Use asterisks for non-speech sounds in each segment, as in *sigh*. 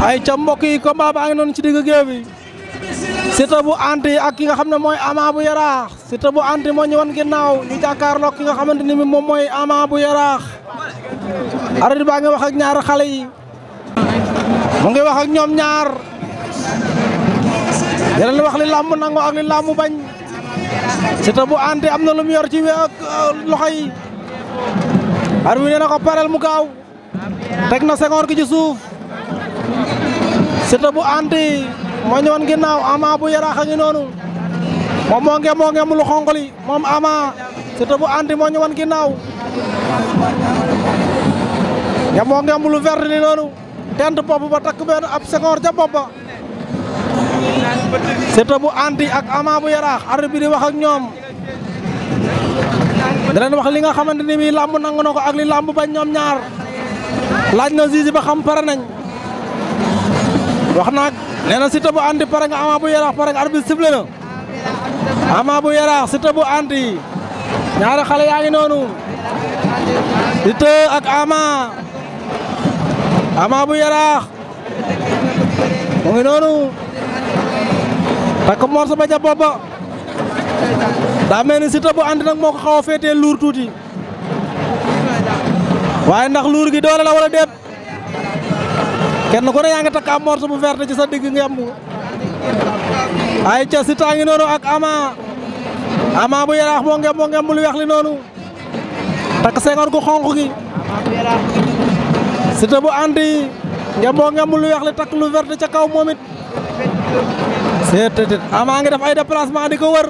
ay ca mbokk yi combat baa ngi noonu ci digg géew bi Siteu bu anti ak ki nga xam ne mooy Ama bu Yaraax Siteu bu anti moo ñu wan ginnaaw ñu jàkkaarloo ki nga xamante ni moom mooy Ama bu Yaraax arbitre baa ngi wax ak ñaar xale yi mu ngi wax ak ñoom ñaar yeneen wax li làmb nango ak li làmb bañ Siteu bu anti am na lu mu yor ci euh, loxo yi arbitre nee na ko pareel mu gaaw teg na sengoor gi ci suuf sita bu anti moo ñëwoon Ama bu yaraax a ngi nonu mom mo nge mo nge mu lu xonkoli mom Ama sita bu anti moo ñëwoon ya ya mo nge mu lu verre ni nonu tent bopp ba tak ben ab sengoor ja sita bu Andi ak Ama bu yaraax arbi di wax ak ñom di leen wax li nga xamanteni mi lamb làmb ak li lamb ba ñom ñaar lañ na zizi ba xam wax naag nee na Siteu bu anti pare nga Ama bu Yaraax pare nga arbitre sifflé na Ama bu Yaraax Siteu bu anti ñaari xale yaa ngi noonu Siteu ak Ama Ama bu Yaraax mu ngi noonu takk morso ba ja booba daa mel ni Siteu bu anti nag moo ko xaw a féetee ndax luur gi doole la wala déet kenn ko ne ya nga tak am morso bu verte ci sa digg am ay ci Siteu ngi noonu ak Ama Ama bu yaraax moo ngemb moo ngemb lu weex li noonu takk sengoor gu xonku gi sita bu andi ngemb moo ngemb lu weex li tak lu verte ci kaw momit setet Ama nga def ay déplacement diko wër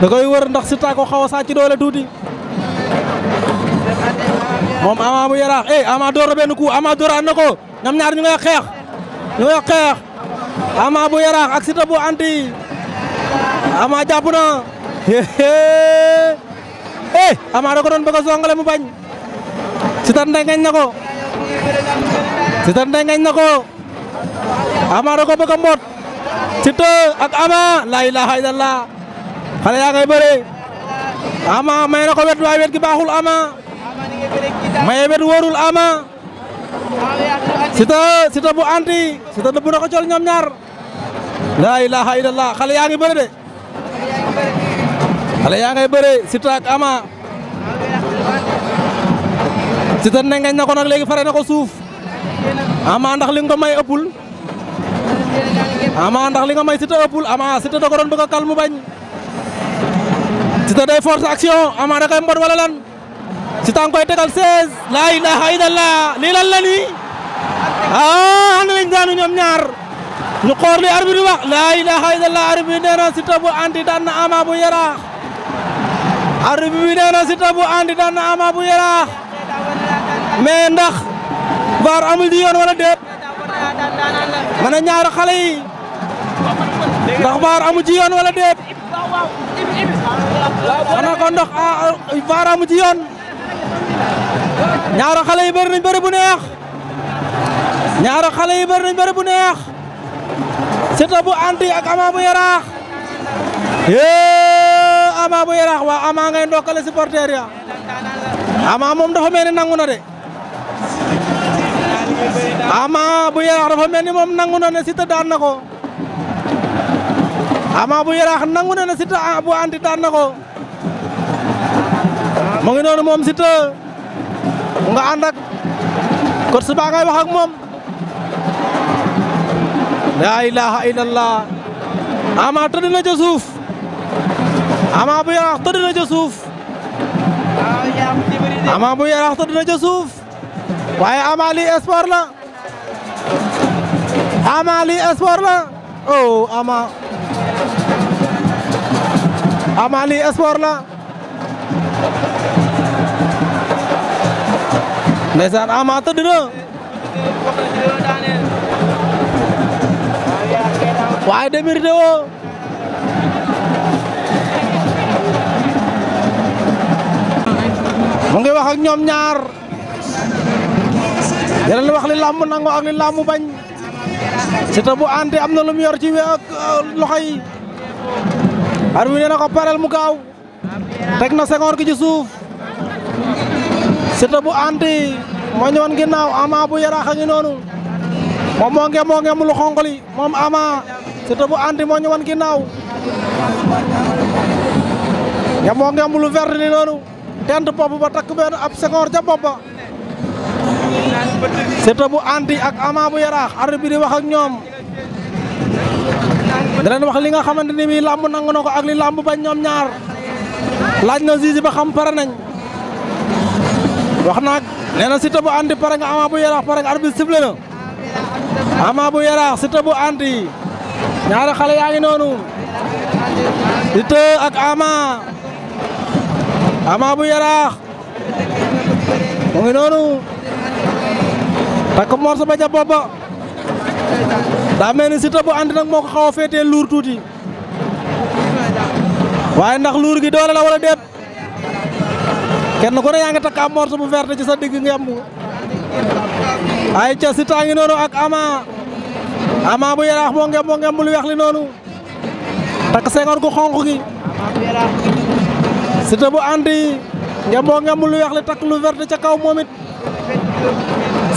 da koy wër ndax sita ko xawa sa ci doole tuti moom Ama bu Yaraax eh Ama door na benn coup Ama dooran na ko ñoom ñaar ñu ngay xeex ñu ngay xeex Ama bu Yaraax ak Siteu bu anti Ama jàpp na *laughs* eh Ama da ko doon bëgg mu bañ Siteu ndengeñ na ko Ama da ko bëgg mbot Siteu ak Ama la ilaha illallah xale yaa ngay bëre Ama may na ko wet waaye wet gi baaxul Ama May bet wóorul Ama Sita, Sita bu anti Sita bu na ko col ñoom ñaar ilaha illallah xale yaa ngi bëre de xale yaa ngay Sita Siteu ak Ama Sita nengeñ na ko nag fare na ko suuf Ama ndax li nga may eppul. Ama ndax li nga may sita eppul, Ama Sita da ko don bëgg kalmu bañ Sita day force action Ama da kay mbot wala lan Sitang tegal 16 la ilaha illallah lii lan la ah ànd nañ daanu ñoom anu ñaar ñu xool li arbitre wax la ilaha illallah arbitre bi nee na andi daan Ama bu Yaraax arbitre andi Ama bu mais ndax amul di yoon wala déet ma ne ñaari yi ndax amul yoon wala déet xanaa kon ndox amul yoon ñaara xalé yi bari nañ bari bu neex ñaara xalé yi bari nañ bari bu neex Siteu bu anti ak Ama bu yaraax ye Ama bu yaraax wa Ama ngay ndokale supporter ya Ama mom dafa melni nanguna de Ama bu yaraax dafa melni mom nanguna ne Siteu daan nako Ama bu yaraax nanguna ne Siteu bu anti daan nako mo ngi non mom Siteu mu nga ànd ak coach baa moom laa ilaha illallah ama tëdd na ca suuf ama bu yaraax tëdd na ca suuf bu yaraax tëdd na ca waaye ama lii espoir la ama lii espoir la oh ama ama lii espoir la ndeysaan Ama dulu, waaye demir de Mungkin mu nyomnyar, wax ak lamu ñaar yeneen lamu li làmb nango ak li bu Andre amno na lu mu yor nak loxo yi ar wi nee sita bu anti ma ñëwoon ginnaaw Ama bu yara xangi nonu mom mo nge mo nge mu lu mom Ama sita bu anti moo ñëwoon ginnaaw ya mo nge mu lu vert ni nonu tente pop ba tak ben ab secor ja ba bu anti ak Ama bu yara arbi di wax ak ñom da leen wax li nga xamanteni mi lamb làmb ak li lamb bañ ñom ñaar laaj na zizi ba xam wax naag nee na Siteu bu anti pare nga Ama bu Yaraax pare nga arbitre sifflé na Ama bu Yaraax Siteu bu anti ñaari xale yaa ngi noonu Siteu ak Ama Ama bu Yaraax ngi noonu takk morso ba ca bopp ba daa mel ni Siteu bu anti nag moo ko xaw a féetee luur tuuti waaye ndax luur gi doole la wala déet kenn ko ne yaa ngi takk am bu verte ci sa digg ngemb ay ci Siteu ngi ak Ama Ama bu yaraax mo ngemb mo ngemb lu weex li noonu takk sengoor ko xonku gi Siteu bu andi ngemb mo ngemb lu weex li tak lu verte ci kaw momit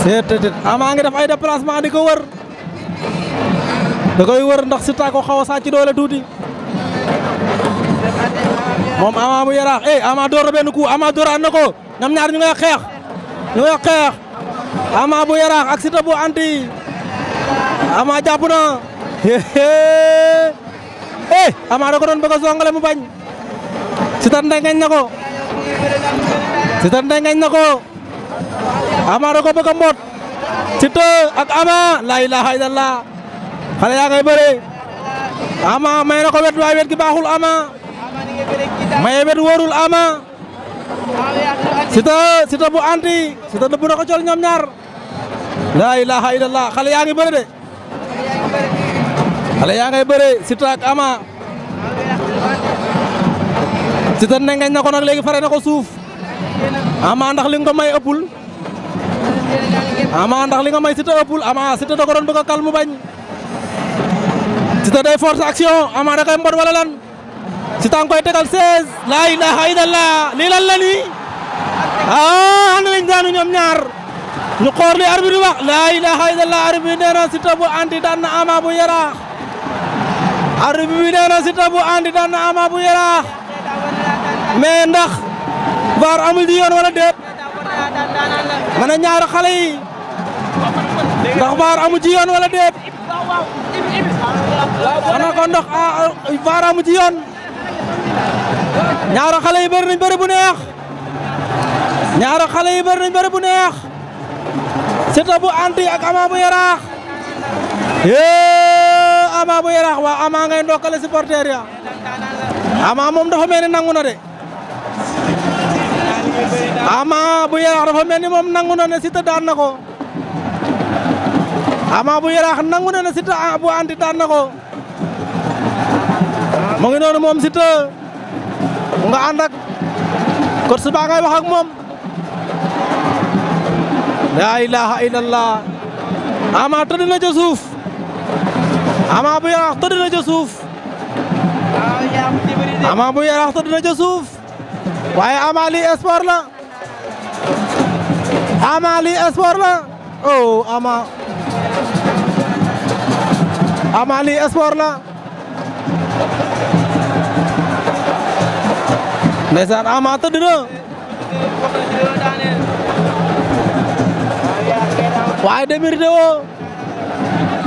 setet Ama nga def ay déplacement diko wër da koy wër ndax Siteu ko xawa sa ci dole tuti moom Ama bu Yaraax eh Ama door na benn Ama door an na ko ñaar ñu ngay xeex ñu ngay xeex Ama bu Yaraax ak Siteu bu anti Ama jàpp na *laughs* eh Ama da ko doon bëgg a songale bañ Siteu ndengeñ na ko Siteu ndengeñ Ama da ko bëgg a mboot ak Ama la ilaha illallah xale yaa ngay bëre Ama may na wet waaye wet gi baaxul Ama maye bet ama Sita, Sita bu anti Sita bu nako jol ñom ñar la ilaha illallah xale yaangi ngi bëre de xale yaa ngay bëre Siteu ak ama sita ne na ko nak legi faré nako suuf ama ndax li nga may eppul ama ndax li nga may Sita eppul ama sita da ko don bëgg kalmu bañ sita day force action ama da kay mbot wala lan Sitanko tegal 16 la ilaha illallah li lan la ni ah anu lañ daanu ñoom ñaar ñu xoor li arbitre bi wax la ilaha illallah arbitre bi neena Siteu bu andi daan na Ama bu Yaraax arbitre bi neena bu andi daan Ama bu Yaraax mais ndax amul di wala déet mana nyar xale bar ndax VAR wala déet mana kondok ndox ah, bar amu ci ñaara xale yi bëri nañ bëri bu neex ñaara xale yi nañ bu neex agama bu anti ak Ama bu yaraax yee Ama bu yaraax waa Ama ngay supporter ya Ama mum dafa meni ni de Ama bu yaraax dafa meni mum moom nangu na ne ko Ama bu yaraax nangu na ne bu anti dana na ko mu ngi noonu moom nga ànd ak coach baa ngay wax moom laa ilaha illallah ama tëdd na ca suuf ama bu yaraax tëdd na ca suuf ama ca suuf waaye ama lii espoir la ama lii espoir la oh ama ama lii espoir la ndeysaan Ama tëdd na waaye demir de woo